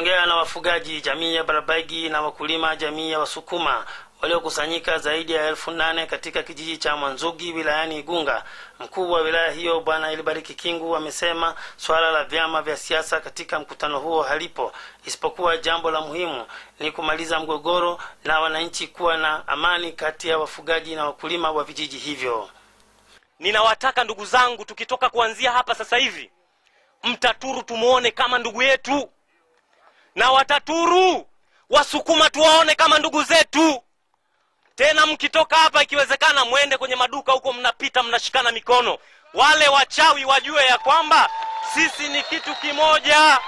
ongea na wafugaji jamii ya Barabagi na wakulima jamii ya Wasukuma waliokusanyika zaidi ya elfu nane katika kijiji cha Mwanzugi wilayani Igunga. Mkuu wa wilaya hiyo Bwana Ilibariki Kingu amesema swala la vyama vya siasa katika mkutano huo halipo, isipokuwa jambo la muhimu ni kumaliza mgogoro na wananchi kuwa na amani kati ya wafugaji na wakulima wa vijiji hivyo. Ninawataka ndugu zangu, tukitoka kuanzia hapa sasa hivi, Mtaturu tumuone kama ndugu yetu na wataturu wasukuma tuwaone kama ndugu zetu tena mkitoka hapa ikiwezekana mwende kwenye maduka huko mnapita mnashikana mikono wale wachawi wajue ya kwamba sisi ni kitu kimoja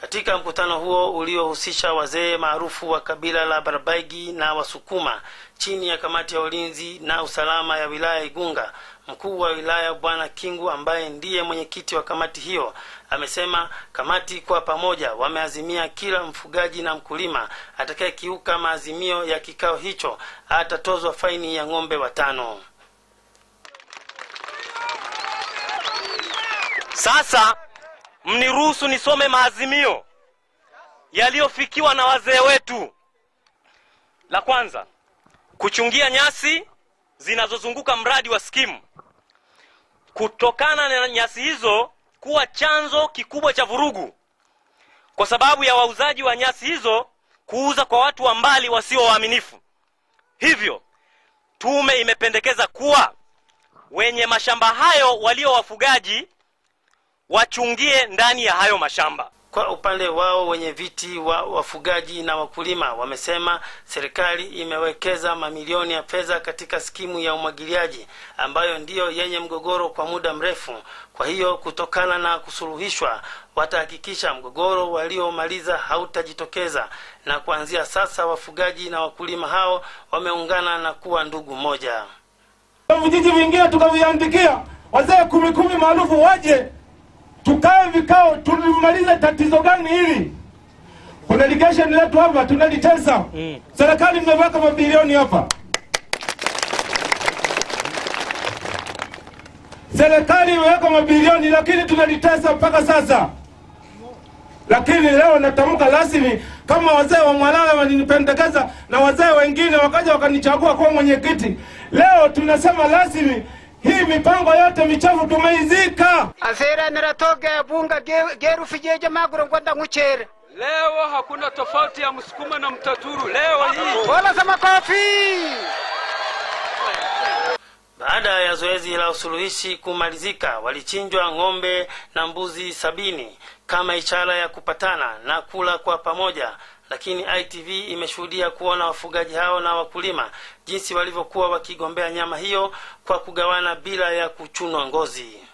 katika mkutano huo uliohusisha wazee maarufu wa kabila la Barbaigi na Wasukuma chini ya kamati ya ulinzi na usalama ya wilaya Igunga, mkuu wa wilaya Bwana Kingu ambaye ndiye mwenyekiti wa kamati hiyo amesema kamati kwa pamoja wameazimia kila mfugaji na mkulima atakayekiuka maazimio ya kikao hicho atatozwa faini ya ng'ombe watano. Sasa mniruhusu nisome maazimio yaliyofikiwa na wazee wetu. La kwanza, kuchungia nyasi zinazozunguka mradi wa skimu, kutokana na nyasi hizo kuwa chanzo kikubwa cha vurugu kwa sababu ya wauzaji wa nyasi hizo kuuza kwa watu wa mbali wasio waaminifu. Hivyo tume imependekeza kuwa wenye mashamba hayo walio wafugaji wachungie ndani ya hayo mashamba. Kwa upande wao wenye viti wa wafugaji na wakulima wamesema serikali imewekeza mamilioni ya fedha katika skimu ya umwagiliaji ambayo ndiyo yenye mgogoro kwa muda mrefu. Kwa hiyo kutokana na kusuluhishwa, watahakikisha mgogoro waliomaliza hautajitokeza, na kuanzia sasa wafugaji na wakulima hao wameungana na kuwa ndugu moja. Vijiji vingine tukaviandikia wazee kumi kumi maarufu waje tukae vikao, tulimaliza tatizo gani hili. Kuna ligesheni letu hapa tunalitesa mm. Serikali mmeweka mabilioni hapa serikali imeweka mabilioni, lakini tunalitesa mpaka sasa. Lakini leo natamka rasmi kama wazee wa Mwalala walinipendekeza na wazee wengine wakaja wakanichagua kuwa mwenyekiti. Leo tunasema rasmi hii mipango yote michafu tumeizika. aseranira toga ya bunga geru fijeje maguro ngwanda nguchere Leo hakuna tofauti ya msukuma na mtaturu leo hii. Wala za makofi. Baada ya zoezi la usuluhishi kumalizika, walichinjwa ng'ombe na mbuzi sabini kama ishara ya kupatana na kula kwa pamoja lakini ITV imeshuhudia kuona wafugaji hao na wakulima jinsi walivyokuwa wakigombea nyama hiyo kwa kugawana bila ya kuchunwa ngozi.